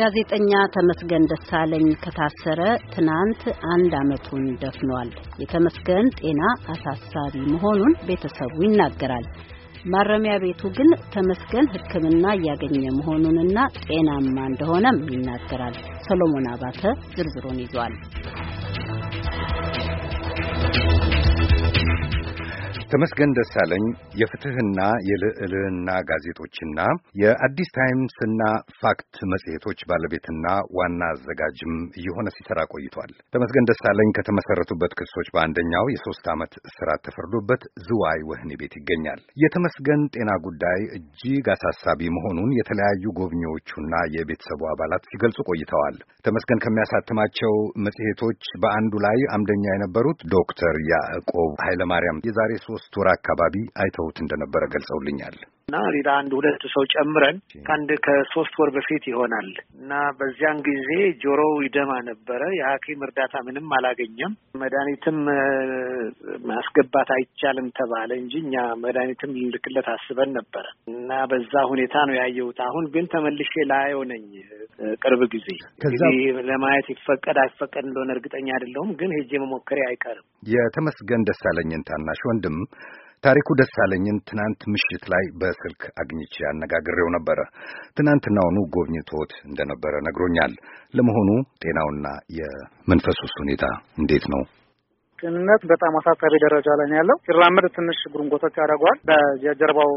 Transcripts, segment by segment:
ጋዜጠኛ ተመስገን ደሳለኝ ከታሰረ ትናንት አንድ ዓመቱን ደፍኗል። የተመስገን ጤና አሳሳቢ መሆኑን ቤተሰቡ ይናገራል። ማረሚያ ቤቱ ግን ተመስገን ሕክምና እያገኘ መሆኑንና ጤናማ እንደሆነም ይናገራል። ሰሎሞን አባተ ዝርዝሩን ይዟል። ተመስገን ደሳለኝ የፍትህና የልዕልና ጋዜጦችና የአዲስ ታይምስና ፋክት መጽሔቶች ባለቤትና ዋና አዘጋጅም እየሆነ ሲሰራ ቆይቷል። ተመስገን ደሳለኝ ከተመሰረቱበት ክሶች በአንደኛው የሶስት ዓመት እስራት ተፈርዶበት ዝዋይ ወህኒ ቤት ይገኛል። የተመስገን ጤና ጉዳይ እጅግ አሳሳቢ መሆኑን የተለያዩ ጎብኚዎቹና የቤተሰቡ አባላት ሲገልጹ ቆይተዋል። ተመስገን ከሚያሳትማቸው መጽሔቶች በአንዱ ላይ አምደኛ የነበሩት ዶክተር ያዕቆብ ኃይለማርያም የዛሬ ሶስት ሶስት ወር አካባቢ አይተውት እንደነበረ ገልጸውልኛል። እና ሌላ አንድ ሁለት ሰው ጨምረን ከአንድ ከሶስት ወር በፊት ይሆናል እና በዚያን ጊዜ ጆሮው ይደማ ነበረ። የሐኪም እርዳታ ምንም አላገኘም። መድኃኒትም ማስገባት አይቻልም ተባለ እንጂ እኛ መድኃኒትም ልልክለት አስበን ነበረ እና በዛ ሁኔታ ነው ያየሁት። አሁን ግን ተመልሼ ላየው ነኝ ቅርብ ጊዜ ለማየት ይፈቀድ አይፈቀድ እንደሆነ እርግጠኛ አይደለሁም፣ ግን ሄጄ መሞከሬ አይቀርም። የተመስገን ደሳለኝን ታናሽ ወንድም ታሪኩ ደሳለኝን ትናንት ምሽት ላይ በስልክ አግኝቼ አነጋግሬው ነበረ። ትናንትናውኑ ጎብኝቶት እንደነበረ ነግሮኛል። ለመሆኑ ጤናውና የመንፈሱስ ሁኔታ እንዴት ነው? ጤንነት በጣም አሳሳቢ ደረጃ ላይ ነው ያለው። ሲራመድ ትንሽ ጉርንጎቶች ያደርገዋል። በጀርባው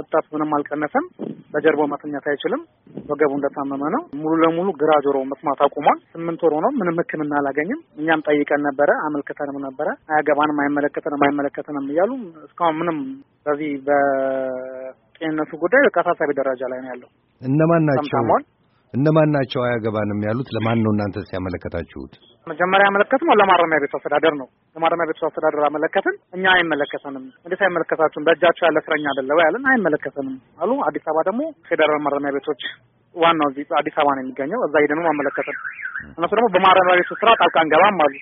እብጠት ምንም አልቀነሰም። በጀርባው መተኛት አይችልም። ወገቡ እንደታመመ ነው። ሙሉ ለሙሉ ግራ ጆሮ መስማት አቁሟል። ስምንት ወር ሆኖ ምንም ሕክምና አላገኝም። እኛም ጠይቀን ነበረ፣ አመልክተንም ነበረ። አያገባንም፣ አይመለከተንም፣ አይመለከተንም እያሉ እስካሁን ምንም በዚህ በጤንነቱ ጉዳይ በቃ አሳሳቢ ደረጃ ላይ ነው ያለው። እነማን ናቸው እነማን ናቸው አያገባንም ያሉት ለማን ነው እናንተ ሲያመለከታችሁት? መጀመሪያ ያመለከትነው ለማረሚያ ቤቱ አስተዳደር ነው። ለማረሚያ ቤቱ አስተዳደር አመለከትን። እኛ አይመለከተንም፣ እንዴት አይመለከታችሁም? በእጃቸው ያለ እስረኛ አይደለ ወይ አለን። አይመለከተንም አሉ። አዲስ አበባ ደግሞ ፌደራል ማረሚያ ቤቶች ዋናው እዚህ አዲስ አበባ ነው የሚገኘው። እዛ ሄደንም አመለከትን። እነሱ ደግሞ በማረሚያ ቤቱ ስራ ጣልቃ አንገባም አሉ።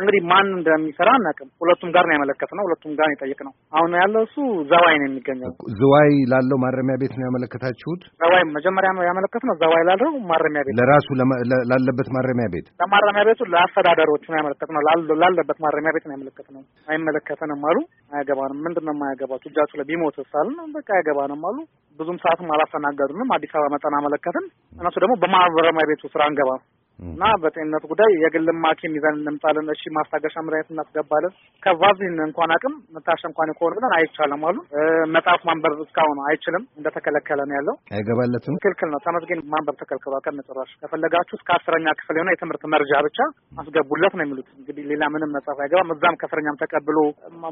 እንግዲህ ማን እንደሚሰራ አናውቅም። ሁለቱም ጋር ነው ያመለከትነው፣ ሁለቱም ጋር ነው የጠየቅነው። አሁን ያለው እሱ ዘዋይ ነው የሚገኘው። ዝዋይ ላለው ማረሚያ ቤት ነው ያመለከታችሁት? ዘዋይ መጀመሪያ ነው ያመለከትነው። ዘዋይ ላለው ማረሚያ ቤት ለራሱ ላለበት ማረሚያ ቤት ለማረሚያ ቤቱ ለአስተዳደሮቹ ነው ያመለከትነው። ላለበት ማረሚያ ቤት ነው ያመለከትነው። አይመለከተንም አሉ። አያገባንም። ምንድን ነው የማያገባችሁ? እጃችሁ ላይ ቢሞትስ አልን። በቃ አያገባንም አሉ። ብዙም ሰዓትም አላስተናገዱንም። አዲስ አበባ መጠን አመለከትን። እነሱ ደግሞ በማረሚያ ቤቱ ስራ አንገባ እና በጤንነት ጉዳይ የግል ሐኪም ይዘን እንምጣለን። እሺ ማስታገሻ መድኃኒት እናስገባለን። ከቫዝሊን እንኳን አቅም መታሸን እንኳን ከሆነ ብለን አይቻልም አሉ። መጽሐፍ ማንበብ እስካሁን አይችልም፣ እንደተከለከለ ነው ያለው። አይገባለትም፣ ክልክል ነው። ተመስገን ማንበብ ተከልክሏል። ቀን ጭራሽ ከፈለጋችሁ እስከ አስረኛ ክፍል የሆነ የትምህርት መርጃ ብቻ አስገቡለት ነው የሚሉት። እንግዲህ ሌላ ምንም መጽሐፍ አይገባም። እዛም ከፍረኛም ተቀብሎ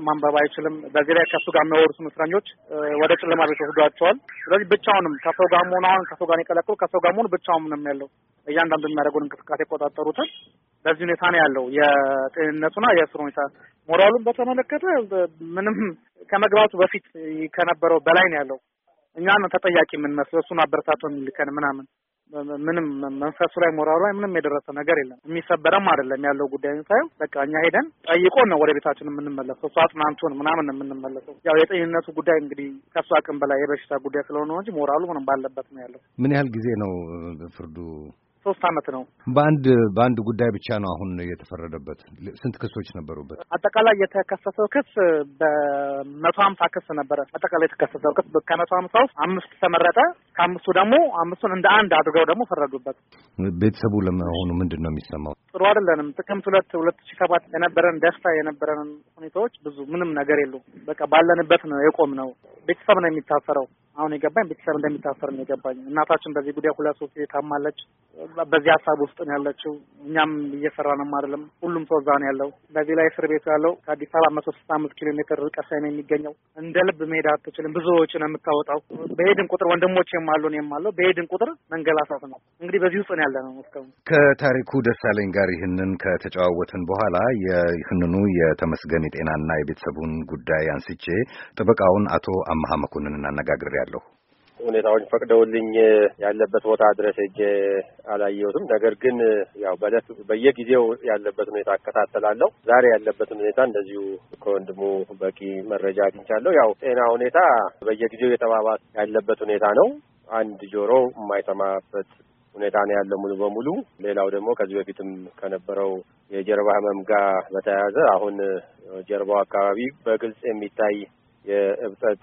ማንበብ አይችልም። በዚህ ላይ ከሱ ጋር የሚያወሩት እስረኞች ወደ ጨለማ ቤት ወስዷቸዋል። ስለዚህ ብቻውንም ከሰው ጋር መሆን አሁን ከሰው ጋር የቀለቀሉ ከሰው ጋር መሆን ብቻውንም ያለው እያንዳንዱ የሚያደርጉን እንቅስቃሴ የቆጣጠሩትን በዚህ ሁኔታ ነው ያለው። የጤንነቱና የእስር ሁኔታ ሞራሉን በተመለከተ ምንም ከመግባቱ በፊት ከነበረው በላይ ነው ያለው። እኛን ተጠያቂ የምንመስለው እሱን አበረታቶ የሚልከን ምናምን ምንም መንፈሱ ላይ ሞራሉ ላይ ምንም የደረሰ ነገር የለም። የሚሰበረም አይደለም ያለው ጉዳይ ሳየው በቃ እኛ ሄደን ጠይቆን ነው ወደ ቤታችን የምንመለሰው። እሱ አጽናንቶን ምናምን የምንመለሰው። ያው የጤንነቱ ጉዳይ እንግዲህ ከሱ አቅም በላይ የበሽታ ጉዳይ ስለሆነ እንጂ ሞራሉ ምንም ባለበት ነው ያለው። ምን ያህል ጊዜ ነው ፍርዱ ሶስት አመት ነው። በአንድ በአንድ ጉዳይ ብቻ ነው አሁን የተፈረደበት። ስንት ክሶች ነበሩበት? አጠቃላይ የተከሰሰው ክስ በመቶ ሀምሳ ክስ ነበረ። አጠቃላይ የተከሰሰው ክስ ከመቶ ሀምሳ ውስጥ አምስት ተመረጠ። ከአምስቱ ደግሞ አምስቱን እንደ አንድ አድርገው ደግሞ ፈረዱበት። ቤተሰቡ ለመሆኑ ምንድን ነው የሚሰማው? ጥሩ አይደለንም። ጥቅምት ሁለት ሁለት ሺ ሰባት የነበረን ደስታ የነበረን ሁኔታዎች ብዙ ምንም ነገር የሉ። በቃ ባለንበት ነው የቆም ነው። ቤተሰብ ነው የሚታሰረው። አሁን የገባኝ ቤተሰብ እንደሚታሰር ነው የገባኝ። እናታችን በዚህ ጉዳይ ሁለት ሶስት ጊዜ ታማለች። በዚህ ሀሳብ ውስጥ ነው ያለችው። እኛም እየሰራ ነው አይደለም። ሁሉም ሰው እዛ ነው ያለው። በዚህ ላይ እስር ቤቱ ያለው ከአዲስ አበባ መቶ ስልሳ አምስት ኪሎ ሜትር ርቀት ላይ ነው የሚገኘው። እንደ ልብ መሄድ አትችልም። ብዙ ወጪ ነው የምታወጣው። በሄድን ቁጥር ወንድሞቼም አሉ እኔም አለው። በሄድን ቁጥር መንገላሳት ነው እንግዲህ። በዚህ ውስጥ ነው ያለ ነው እስካሁን። ከታሪኩ ደሳለኝ ጋር ይህንን ከተጨዋወትን በኋላ ይህንኑ የተመስገን የጤናና የቤተሰቡን ጉዳይ አንስቼ ጥበቃውን አቶ አመሀ መኮንንን አነጋግሬያለሁ። አድርጌያለሁ። ሁኔታዎች ፈቅደውልኝ ያለበት ቦታ ድረስ ሄጄ አላየሁትም። ነገር ግን ያው በለት በየጊዜው ያለበት ሁኔታ አከታተላለሁ። ዛሬ ያለበትን ሁኔታ እንደዚሁ ከወንድሙ በቂ መረጃ አግኝቻለሁ። ያው ጤና ሁኔታ በየጊዜው የተባባሰ ያለበት ሁኔታ ነው። አንድ ጆሮ የማይሰማበት ሁኔታ ነው ያለው ሙሉ በሙሉ። ሌላው ደግሞ ከዚህ በፊትም ከነበረው የጀርባ ህመም ጋር በተያያዘ አሁን ጀርባው አካባቢ በግልጽ የሚታይ የእብጠት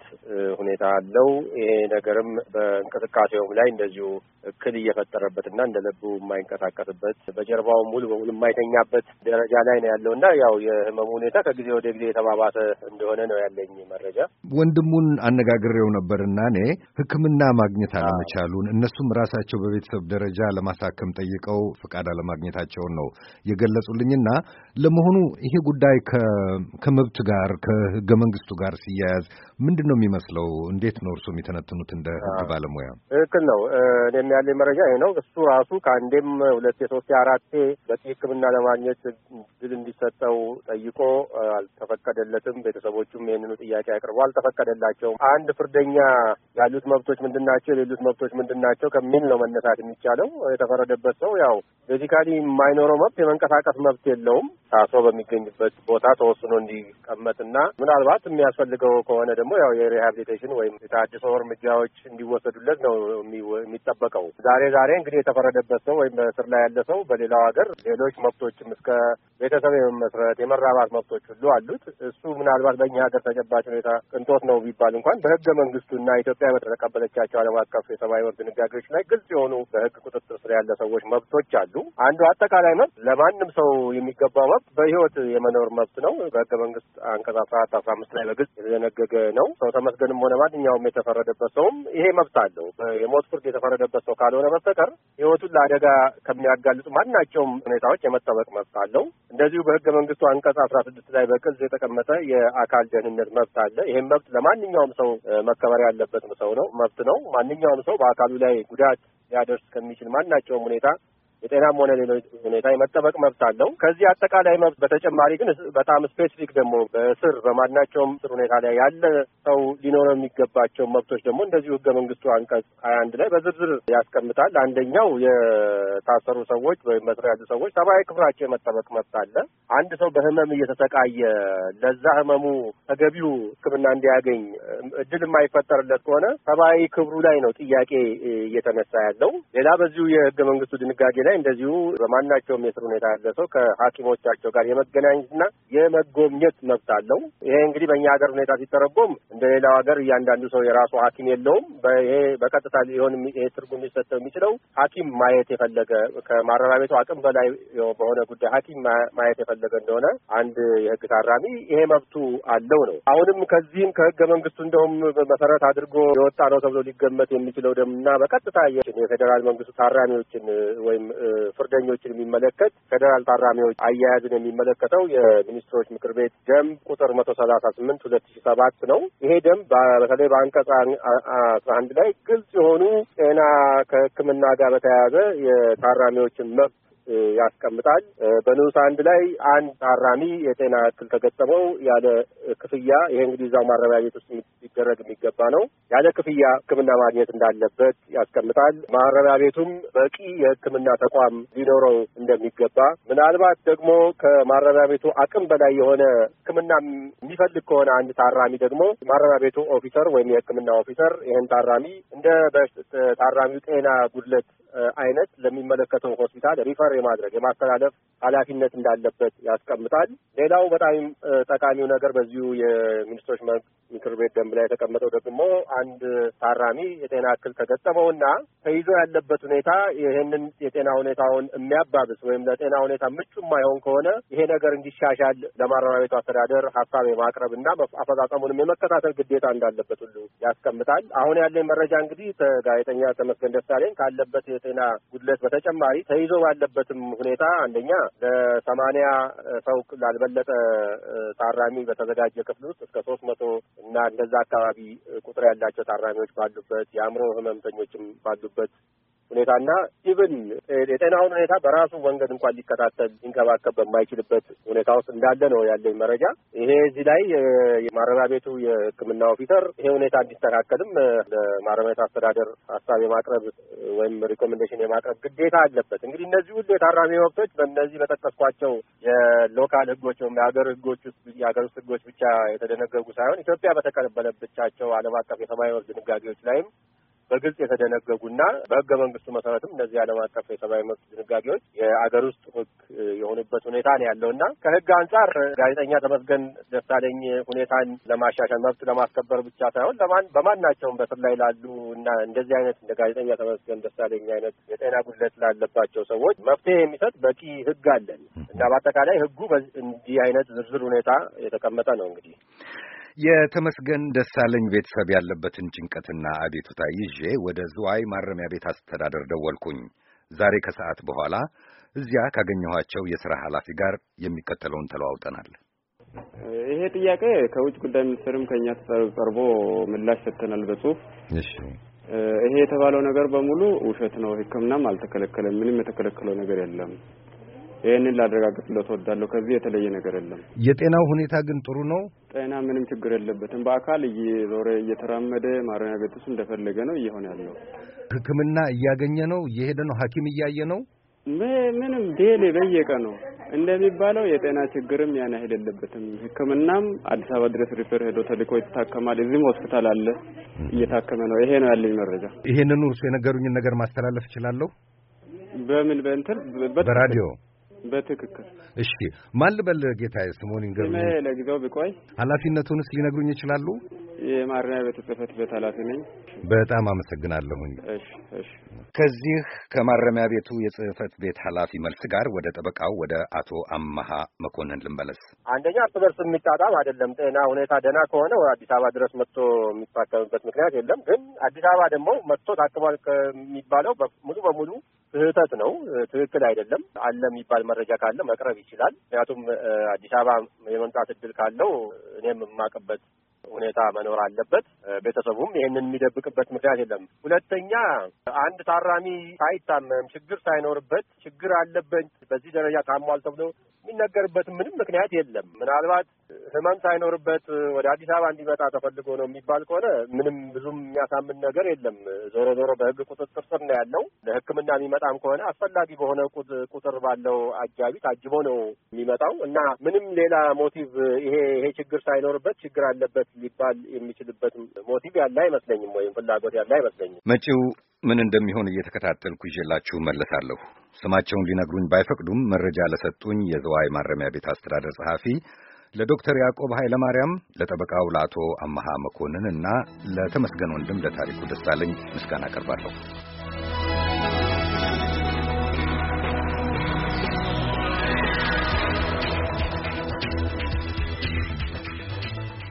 ሁኔታ አለው። ይሄ ነገርም በእንቅስቃሴውም ላይ እንደዚሁ እክል እየፈጠረበት እና እንደ ልቡ የማይንቀሳቀስበት በጀርባው ሙሉ በሙሉ የማይተኛበት ደረጃ ላይ ነው ያለው እና ያው የህመሙ ሁኔታ ከጊዜ ወደ ጊዜ የተባባሰ እንደሆነ ነው ያለኝ መረጃ። ወንድሙን አነጋግሬው ነበር እና እኔ ሕክምና ማግኘት አለመቻሉን እነሱም ራሳቸው በቤተሰብ ደረጃ ለማሳከም ጠይቀው ፈቃድ አለማግኘታቸውን ነው የገለጹልኝና ለመሆኑ ይሄ ጉዳይ ከመብት ጋር ከህገ መንግስቱ ጋር ሲያ አያያዝ ምንድን ነው የሚመስለው? እንዴት ነው እርሱ የሚተነትኑት እንደ ህግ ባለሙያ? ትክክል ነው። እኔም ያለኝ መረጃ ይህ ነው። እሱ ራሱ ከአንዴም ሁለቴ፣ ሶስቴ፣ አራቴ በቂ ሕክምና ለማግኘት ድል እንዲሰጠው ጠይቆ አልተፈቀደለትም። ቤተሰቦቹም ይህንኑ ጥያቄ አቅርቦ አልተፈቀደላቸውም። አንድ ፍርደኛ ያሉት መብቶች ምንድን ናቸው፣ የሌሉት መብቶች ምንድን ናቸው ከሚል ነው መነሳት የሚቻለው። የተፈረደበት ሰው ያው ቤዚካሊ የማይኖረው መብት የመንቀሳቀስ መብት የለውም ታስሮ በሚገኝበት ቦታ ተወስኖ እንዲቀመጥና ምናልባት የሚያስፈልገው ከሆነ ደግሞ ያው የሪሃብሊቴሽን ወይም የታድሶ እርምጃዎች እንዲወሰዱለት ነው የሚጠበቀው። ዛሬ ዛሬ እንግዲህ የተፈረደበት ሰው ወይም በእስር ላይ ያለ ሰው በሌላው ሀገር ሌሎች መብቶችም እስከ ቤተሰብ የመመስረት የመራባት መብቶች ሁሉ አሉት። እሱ ምናልባት በእኛ ሀገር ተጨባጭ ሁኔታ ቅንጦት ነው ቢባል እንኳን በህገ እና ኢትዮጵያ በተቀበለቻቸው ዓለም አቀፍ የሰብአዊ መብት ድንጋጌዎች ላይ ግልጽ የሆኑ በህግ ቁጥጥር ስር ያለ ሰዎች መብቶች አሉ። አንዱ አጠቃላይ መብት ለማንም ሰው የሚገባው መብት በህይወት የመኖር መብት ነው። በህገ መንግስት አንቀጽ አስራ አራት አስራ አምስት ላይ በግልጽ የተዘነ የተደነገገ ነው። ሰው ተመስገንም ሆነ ማንኛውም የተፈረደበት ሰውም ይሄ መብት አለው። የሞት ፍርድ የተፈረደበት ሰው ካልሆነ በስተቀር ህይወቱን ለአደጋ ከሚያጋልጡ ማናቸውም ሁኔታዎች የመጠበቅ መብት አለው። እንደዚሁ በህገ መንግስቱ አንቀጽ አስራ ስድስት ላይ በቅጽ የተቀመጠ የአካል ደህንነት መብት አለ። ይህም መብት ለማንኛውም ሰው መከበር ያለበት ሰው ነው መብት ነው። ማንኛውም ሰው በአካሉ ላይ ጉዳት ሊያደርስ ከሚችል ማናቸውም ሁኔታ የጤናም ሆነ ሌሎች ሁኔታ የመጠበቅ መብት አለው። ከዚህ አጠቃላይ መብት በተጨማሪ ግን በጣም ስፔሲፊክ ደግሞ በእስር በማናቸውም እስር ሁኔታ ላይ ያለ ሰው ሊኖረው የሚገባቸው መብቶች ደግሞ እንደዚሁ ህገ መንግስቱ አንቀጽ ሀያ አንድ ላይ በዝርዝር ያስቀምጣል። አንደኛው የታሰሩ ሰዎች ወይም በእስር ያሉ ሰዎች ሰብአዊ ክብራቸው የመጠበቅ መብት አለ። አንድ ሰው በህመም እየተሰቃየ ለዛ ህመሙ ተገቢው ሕክምና እንዲያገኝ እድል የማይፈጠርለት ከሆነ ሰብአዊ ክብሩ ላይ ነው ጥያቄ እየተነሳ ያለው። ሌላ በዚሁ የህገ መንግስቱ ድንጋጌ ላይ ላይ እንደዚሁ በማናቸውም የስር ሁኔታ ያለ ሰው ከሐኪሞቻቸው ጋር የመገናኘትና የመጎብኘት መብት አለው። ይሄ እንግዲህ በእኛ ሀገር ሁኔታ ሲተረጎም እንደ ሌላው ሀገር እያንዳንዱ ሰው የራሱ ሐኪም የለውም። ይሄ በቀጥታ ሊሆን ይሄ ትርጉም ሊሰጠው የሚችለው ሐኪም ማየት የፈለገ ከማረሚያ ቤቱ አቅም በላይ በሆነ ጉዳይ ሐኪም ማየት የፈለገ እንደሆነ አንድ የህግ ታራሚ ይሄ መብቱ አለው ነው። አሁንም ከዚህም ከህገ መንግስቱ እንደውም መሰረት አድርጎ የወጣ ነው ተብሎ ሊገመት የሚችለው ደምና በቀጥታ የፌዴራል መንግስቱ ታራሚዎችን ወይም ፍርደኞችን የሚመለከት ፌዴራል ታራሚዎች አያያዝን የሚመለከተው የሚኒስትሮች ምክር ቤት ደንብ ቁጥር መቶ ሰላሳ ስምንት ሁለት ሺ ሰባት ነው። ይሄ ደንብ በተለይ በአንቀጽ አስራ አንድ ላይ ግልጽ የሆኑ ጤና ከሕክምና ጋር በተያያዘ የታራሚዎችን መብት ያስቀምጣል። በንዑስ አንድ ላይ አንድ ታራሚ የጤና እክል ተገጠመው ያለ ክፍያ ይሄ እንግዲህ እዛው ማረሚያ ቤት ውስጥ ሊደረግ የሚገባ ነው። ያለ ክፍያ ሕክምና ማግኘት እንዳለበት ያስቀምጣል። ማረሚያ ቤቱም በቂ የሕክምና ተቋም ሊኖረው እንደሚገባ ምናልባት ደግሞ ከማረሚያ ቤቱ አቅም በላይ የሆነ ሕክምና የሚፈልግ ከሆነ አንድ ታራሚ ደግሞ ማረሚያ ቤቱ ኦፊሰር ወይም የሕክምና ኦፊሰር ይህን ታራሚ እንደ ታራሚው ጤና ጉድለት አይነት ለሚመለከተው ሆስፒታል ሪፈር የማድረግ የማስተላለፍ ኃላፊነት እንዳለበት ያስቀምጣል። ሌላው በጣም ጠቃሚው ነገር በዚሁ የሚኒስትሮች ምክር ቤት ደንብ ላይ የተቀመጠው ደግሞ አንድ ታራሚ የጤና እክል ከገጠመውና ተይዞ ያለበት ሁኔታ ይህንን የጤና ሁኔታውን የሚያባብስ ወይም ለጤና ሁኔታ ምቹ የማይሆን ከሆነ ይሄ ነገር እንዲሻሻል ለማረሚያ ቤቱ አስተዳደር ሀሳብ የማቅረብ እና አፈጻጸሙንም የመከታተል ግዴታ እንዳለበት ሁሉ ያስቀምጣል። አሁን ያለኝ መረጃ እንግዲህ ከጋዜጠኛ ተመስገን ደሳለኝ ካለበት የጤና ጉድለት በተጨማሪ ተይዞ ባለበት ያለበትም ሁኔታ አንደኛ ለሰማንያ ሰው ላልበለጠ ታራሚ በተዘጋጀ ክፍል ውስጥ እስከ ሶስት መቶ እና እንደዛ አካባቢ ቁጥር ያላቸው ታራሚዎች ባሉበት የአእምሮ ህመምተኞችም ባሉበት ሁኔታና ኢቭን የጤናውን ሁኔታ በራሱ መንገድ እንኳን ሊከታተል ሊንከባከብ በማይችልበት ሁኔታ ውስጥ እንዳለ ነው ያለኝ መረጃ። ይሄ እዚህ ላይ የማረሚያ ቤቱ የሕክምና ኦፊሰር ይሄ ሁኔታ እንዲስተካከልም ለማረሚያ ቤት አስተዳደር ሀሳብ የማቅረብ ወይም ሪኮሜንዴሽን የማቅረብ ግዴታ አለበት። እንግዲህ እነዚህ ሁሉ የታራሚ መብቶች በእነዚህ በጠቀስኳቸው የሎካል ሕጎች ወይም የሀገር ሕጎች ውስጥ የሀገር ውስጥ ሕጎች ብቻ የተደነገጉ ሳይሆን ኢትዮጵያ በተቀበለብቻቸው ዓለም አቀፍ የሰብአዊ መብት ድንጋጌዎች ላይም በግልጽ የተደነገጉና በህገ መንግስቱ መሰረትም እነዚህ ዓለም አቀፍ የሰብአዊ መብት ድንጋጌዎች የአገር ውስጥ ህግ የሆኑበት ሁኔታ ነው ያለው እና ከህግ አንጻር ጋዜጠኛ ተመስገን ደሳለኝ ሁኔታን ለማሻሻል መብት ለማስከበር ብቻ ሳይሆን ለማን በማናቸውም በስር ላይ ላሉ እና እንደዚህ አይነት እንደ ጋዜጠኛ ተመስገን ደሳለኝ አይነት የጤና ጉድለት ላለባቸው ሰዎች መፍትሄ የሚሰጥ በቂ ህግ አለን እና በአጠቃላይ ህጉ እንዲህ አይነት ዝርዝር ሁኔታ የተቀመጠ ነው እንግዲህ የተመስገን ደሳለኝ ቤተሰብ ያለበትን ጭንቀትና አቤቱታ ይዤ ወደ ዝዋይ ማረሚያ ቤት አስተዳደር ደወልኩኝ። ዛሬ ከሰዓት በኋላ እዚያ ካገኘኋቸው የሥራ ኃላፊ ጋር የሚከተለውን ተለዋውጠናል። ይሄ ጥያቄ ከውጭ ጉዳይ ሚኒስትርም ከእኛ ተጠርቦ ምላሽ ሰጥተናል በጽሁፍ። እሺ ይሄ የተባለው ነገር በሙሉ ውሸት ነው። ሕክምናም አልተከለከለም። ምንም የተከለከለው ነገር የለም። ይህንን ላረጋግጥለት እወዳለሁ። ከዚህ የተለየ ነገር የለም። የጤናው ሁኔታ ግን ጥሩ ነው። ጤና ምንም ችግር የለበትም። በአካል እየዞረ እየተራመደ ማረሚያ ቤት ውስጥ እንደፈለገ ነው እየሆነ ያለው። ሕክምና እያገኘ ነው፣ እየሄደ ነው፣ ሐኪም እያየ ነው። ምንም ዴሌ በየቀ ነው እንደሚባለው የጤና ችግርም ያን ያህል የለበትም። ሕክምናም አዲስ አበባ ድረስ ሪፈር ሄዶ ተልኮ ይታከማል። እዚህም ሆስፒታል አለ እየታከመ ነው። ይሄ ነው ያለኝ መረጃ። ይሄንኑ እርሱ የነገሩኝን ነገር ማስተላለፍ እችላለሁ። በምን በእንትን በራዲዮ በትክክል እሺ። ማን ልበል ጌታዬ? ስሙን እኔ ለጊዜው ብቆይ ኃላፊነቱንስ ሊነግሩኝ ይችላሉ? የማረሚያ ቤት ጽሕፈት ቤት ኃላፊ ነኝ። በጣም አመሰግናለሁኝ። እሺ፣ እሺ። ከዚህ ከማረሚያ ቤቱ የጽህፈት ቤት ኃላፊ መልስ ጋር ወደ ጠበቃው ወደ አቶ አመሃ መኮንን ልንመለስ። አንደኛ እርስ በርስ የሚጣጣም አይደለም። ጤና ሁኔታ ደህና ከሆነ አዲስ አበባ ድረስ መጥቶ የሚታከምበት ምክንያት የለም። ግን አዲስ አበባ ደግሞ መጥቶ ታክሟል ከሚባለው ሙሉ በሙሉ ስህተት ነው፣ ትክክል አይደለም። አለ የሚባል መረጃ ካለ መቅረብ ይችላል። ምክንያቱም አዲስ አበባ የመምጣት እድል ካለው እኔም የማቅበት ሁኔታ መኖር አለበት። ቤተሰቡም ይህንን የሚደብቅበት ምክንያት የለም። ሁለተኛ አንድ ታራሚ ሳይታመም ችግር ሳይኖርበት ችግር አለበት በዚህ ደረጃ ታሟል ተብሎ የሚነገርበት ምንም ምክንያት የለም። ምናልባት ህመም ሳይኖርበት ወደ አዲስ አበባ እንዲመጣ ተፈልጎ ነው የሚባል ከሆነ ምንም ብዙም የሚያሳምን ነገር የለም። ዞሮ ዞሮ በህግ ቁጥጥር ስር ነው ያለው። ለህክምና የሚመጣም ከሆነ አስፈላጊ በሆነ ቁጥር ባለው አጃቢ ታጅቦ ነው የሚመጣው እና ምንም ሌላ ሞቲቭ ይሄ ይሄ ችግር ሳይኖርበት ችግር አለበት ሊባል የሚችልበት ሞቲቭ ያለ አይመስለኝም፣ ወይም ፍላጎት ያለ አይመስለኝም። መጪው ምን እንደሚሆን እየተከታተልኩ ይዤላችሁ መለሳለሁ። ስማቸውን ሊነግሩኝ ባይፈቅዱም መረጃ ለሰጡኝ የዘዋይ ማረሚያ ቤት አስተዳደር ጸሐፊ ለዶክተር ያዕቆብ ኃይለማርያም፣ ለጠበቃው ለአቶ አመሃ መኮንን እና ለተመስገን ወንድም ለታሪኩ ደሳለኝ ምስጋና አቀርባለሁ።